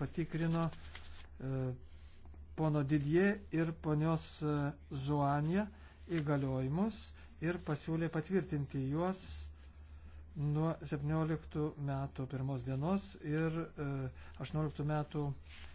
patikrino e, pono Didie ir ponios Žuanė e, įgaliojimus ir pasiūlė patvirtinti juos nuo 17 metų pirmos dienos ir 18 e, metų